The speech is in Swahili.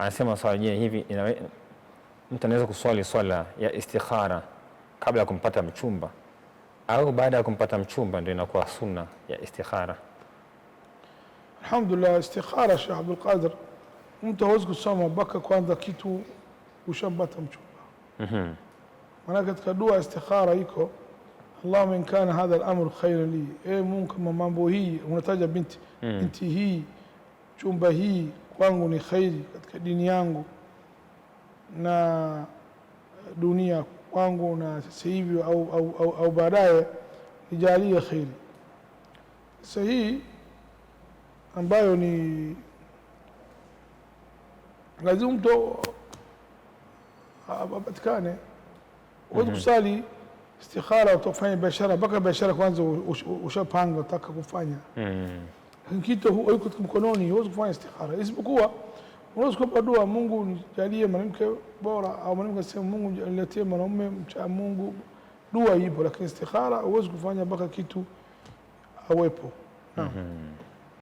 anasema swali, je, hivi mtu anaweza kuswali swala ya istikhara kabla ya kumpata mchumba au baada ya kumpata mchumba ndio inakuwa sunna ya istikhara? Alhamdulillah, istikhara Sheikh Abdul Qadir, mtu hawezi kusoma mpaka kwanza kitu ushampata mchumba. Mhm, maana katika dua istikhara iko Allahumma in kana hadha al amr khayran li, e Mungu, kama mambo hii unataja binti mm. binti hii chumba hii kwangu ni khairi katika dini yangu na dunia kwangu na sasa hivi au, au, au, au baadaye nijalie kheri. Sasa hii ambayo ni lazima mtu apatikane, huwezi mhm. kusali istikhara utafanya biashara mpaka biashara kwanza ushapanga utaka kufanya, mhm. lakini kitu haiko mkononi, huwezi kufanya istikhara isipokuwa Unaweza dua, Mungu nijalie mwanamke bora, au mwanamke sema Mungu nijalie mwanaume mcha Mungu. Dua ipo, lakini istikhara huwezi kufanya mpaka kitu awepo. Naam. Mhm.